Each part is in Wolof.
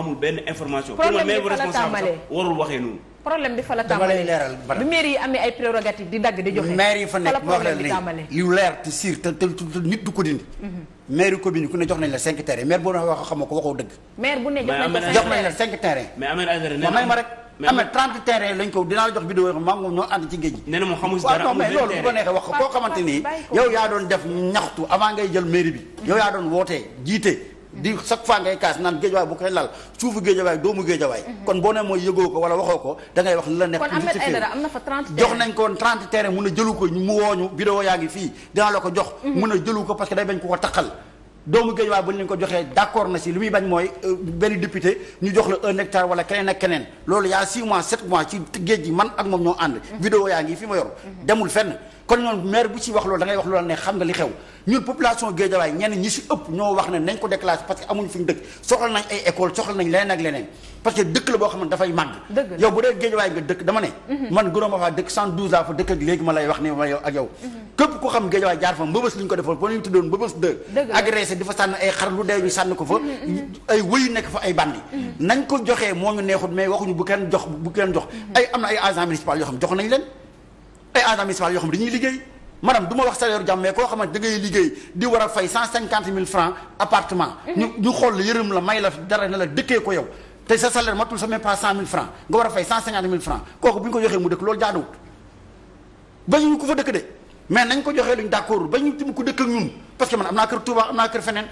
amul benn information. problème bi fa la tàmbalee warul waxee noonu. problème bi fa la tàmbalee dama yi amee ay prérogatives di dagg di joxe. maire fa nekk moo xam ne yu leer te siir te nit du ko dindi. Mhm. maire yu commune ku ne jox nañ la cinq terrain maire boo neexee wax koo xamante ni yow yaa doon def ñaxtu avant ngay jël mairie bi. Mhm. yow yaa doon wootee jiite di chaque fois ngay kaas naan géejawaay bu koy lal suufu géejawaay doomu géejawaay mhm. kon boo ne mooy yëgoo ko wala waxoo ko da ngay wax li la nekk jox nañ ko 30 terrain mun a jëlu ko mu wooñu vidéo yaa ngi fii dinaa la ko jox mhm. mun a jëlu ko parce que day bañ ko ko taqal doomu géejawaay bu ñu ko joxee d'accord na si li muy bañ mooy euh, benn député ñu jox la un hectare wala keneen ak keneen loolu yaa 6 mois 7 mois ci géej gi man ak moom ñoo ànd mhm. yaa ngi fi ma yor kon ñoom maire bu ci wax loolu da wax loolu ne xam nga li xew ñun population Guédiawaye ñenn ñi si ëpp ñoo wax ne nañ ko déclarer parce que amuñu fi ñu dëkk soxla nañ ay école soxla nañ leneen ak leneen parce que dëkk la boo xam ne dafay màgg yow bu dee Guédiawaye nga dëkk dama ne mhm. man gënoon ma faa dëkk 112 laa fa dëkk ak léegi mhm. jaar fa mbëbës li ñu ko defal boo ñu tuddoon mhm, nekk fa ay bandi nañ ko joxee moo ñu neexut mais waxuñu bu kenn jox bu kenn jox ay am na ay agents yoo xam jox nañ leen ay agents municipaux yoo xam ne dañuy liggéey madame du ma wax salaire jàmm mais koo xamante da ngay liggéey di war a fay cent cinquante mille francs appartement. ñu mhm. ñu yërëm la may la dara ne la dëkkee ko yow te sa salaire matul sa même cent mille francs nga war a fay cent cinquante mille francs kooku bu ñu ko joxee mu dëkk loolu jaaduwut ba ñu ko fa dëkk de mais nañ ko joxee luñ d'accord ba ñu tim ko dëkk ak ñun parce que man am naa kër Touba am naa kër feneen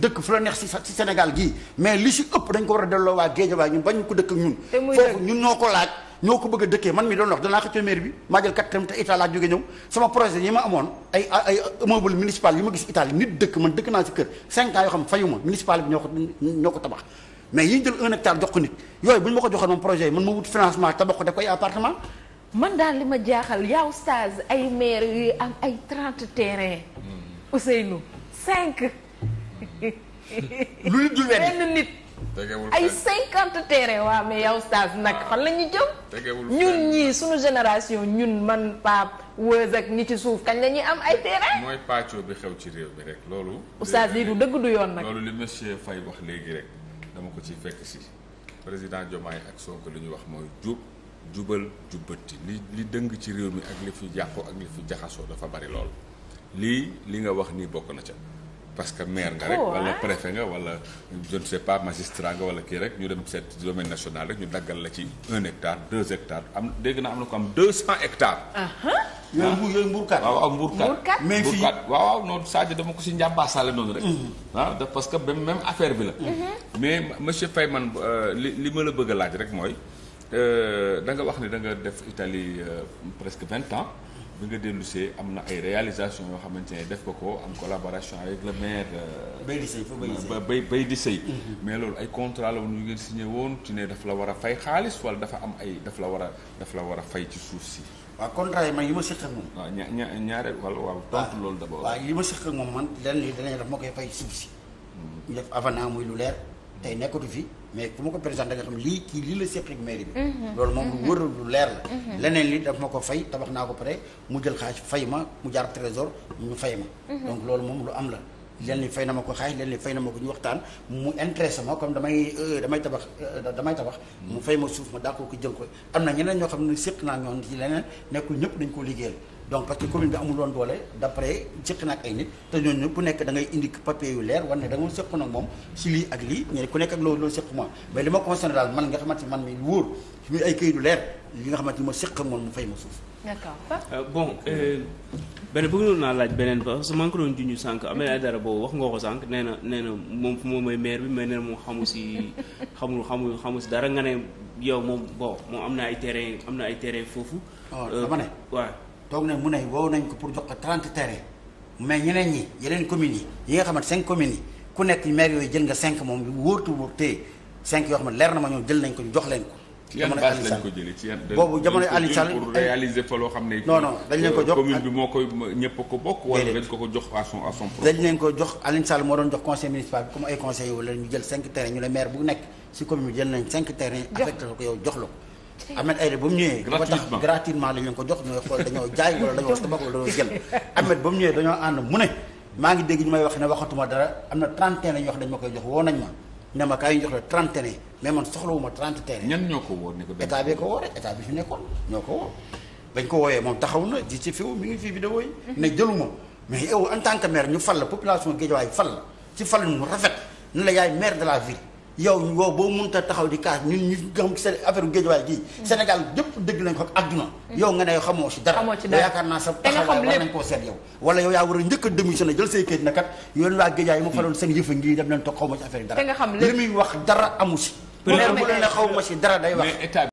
dëkk fu la neex si si Sénégal gii mais li si ëpp ko war a delloo waa Géejawaay ñun ba ñu ko dëkk ak ñoo ko laaj ñoo ko bëgg dëkkee man mi doon wax danaa xëccoo maire bi maa jël quatrième te Italie laa jóge ñëw sama projet yi ma amoon ay ay immeuble municipal yi ma gis Italie nit dëkk man dëkk naa ci kër cinq ans yoo yooyu bu ñu ma ko joxoon moom projet yi man ma wut financement tabax ko def ko ay man daal li ma jaaxal yaw stage ay maire yu am ay trente terrain hmm. Ousseynou cinq lu nit dul benn nit ay cinquante terrain waa mais yow stage nag fan la ñu jëm ah, ñun ñii suñu génération ñun man pap wëz ak ci suuf kañ la ñuy am ay terrain mooy pàccoo bi xew ci réew mi rek loolu oustaz lii du dëgg du yoon nag loolu li monsieur Faye wax léegi rek dama ko ciy fekk si président Diomaye ak Sonko li ñu wax mooy jubal jubbati li li dëng ci réew mi ak li fi yàqu ak li fi jaxasoo dafa bari lool lii li nga wax nii bokk na ca parce que maire nga rek wala préfet nga wala je ne magistrat nga wala kii rek ñu dem seet domaine national rek ñu daggal la ci un hectare deux hectares am dégg naa am na ko am deux cent hectares. yooyu mbuur waaw waaw mbuurkat mais fii mbuurkat waaw waaw noonu Sadio ko si njàmbaasaale noonu rek. Mhm. ah parce que même même affaire mhm. mais monsieur Faye man euh, li li ma la bëgg laaj rek mooy euh, danga wax ni da nga def Italie euh, presque vingt ans. bi nga dellu see am na ay réalisations yoo xamante ne def ko ko am collaboration avec le maire. Euh, Baydi Seye fa Baydi Seye bay di Seye mhm. mais loolu ay contrat la woon yu ngeen signé woon ci ne daf la war a fay xaalis wala dafa am ay daf la war a daf la war a fay ci suuf si. waaw contrat yi man yi ma si ak moom. waaw ña ña ñaareel wala waaw tontu loolu d'abord. waaw li ma seq ak moom man lenn li danañ def moo koy fay suuf si. Mhm. ñu def avenant muy lu leer. tey nekkatu fi mais fu ma ko présenté nga xam lii kii lii la seq ak mairie bi. Mhm. loolu moom lu wër lu leer la. Mhm. leneen li daf ma ko fay tabax naa ko pare mu jël xaalis fay ma mu jaar trésor ñu fay ma. Mhm. donc loolu moom lu am la. leen ni fay na ma ko xaalis leen ni fay na ma ko ñu waxtaan mu intéressé ma comme damay euh, damay tabax euh, damay tabax mu fay ma suuf ma daa ko jël ko am na ñeneen ñoo xam ne séq naa ñoon ci leneen nekkul ñëpp dañ koo liggéeyal donc parce que commune bi amul woon doole d' après jëkk na ak ay nit te ñooñu ku nekk da ngay indi papier yu leer war ne da nga sëq nag moom si lii ak lii ñu ne ku nekk nga xamante ni man mi nga xamante ni ma sëq moom mu fay ma suuf. Euh, bon euh, beneen naa laaj beneen ba parce maa ngi ko doon junj sànq amee dara boobu wax nga ko sànq nee na nee moom fu moom mooy maire bi mais nee na moom xamu si xamul xamul xamu si dara nga ne yow moom bon moom am na ay terrain am na ay terrain foofu. waaw oh, euh, dama ne waaw toog na mu ne woow nañ ko pour jox ko nga xam ne leer na ma ñoom jël nañ ko jox leen ko ci boobu jamono Aliou euh, jox commune bi moo koy ñëpp ko bokk wala dañ ko ko jox à son à son propre dañ leen ko jox Aliou Sall doon jox conseil municipal bi comme ay conseillers wala ñu jël cinq terrain ñu ne maire bu nekk si commune bi jël nañ cinq terrain affecté ko yow jox la Ahmed Aïda ba mu ñëwee. dafa gratuitement la ñu ko jox ñooy xool dañoo jaay wala dañoo tabax wala dañoo jël Ahmed ba mu ñëwee dañoo ànd mu ne maa ngi dégg ñu may wax ne waxatuma dara am na trente et un ñu wax dañ ma koy jox woo nañ ma ne ma kaay ñu jox la trente et un mais man soxlawuma trente et un ko woo ko rek état bi fi nekkoon ñoo ko woo bañ ko wooyee moom taxaw na jii ci fiwu mi ngi fii vidéo yi ne jëluma mais yow en tant ñu fal la population Guédiawaye fal la ci fal mu rafet ne la yaay de la ville yow wow boo mënut a taxaw di kaas ñun ñu nga xam seen affaire géejawaay gii mm. Sénégal yëpp dëgg nañ ko àdduna mm. yow nga ne xamoo si dara yaakaar naa sa taxawaay war nañ koo seet yow wala yow yaa war a njëkk si démissionné jël say kayit na kat yoon waa géejaay yi ma faloon seen yëfa ngi dem nañ toog xaw ma si affaire dara li muy wax dara amu si bu leen xaw ma si dara day wax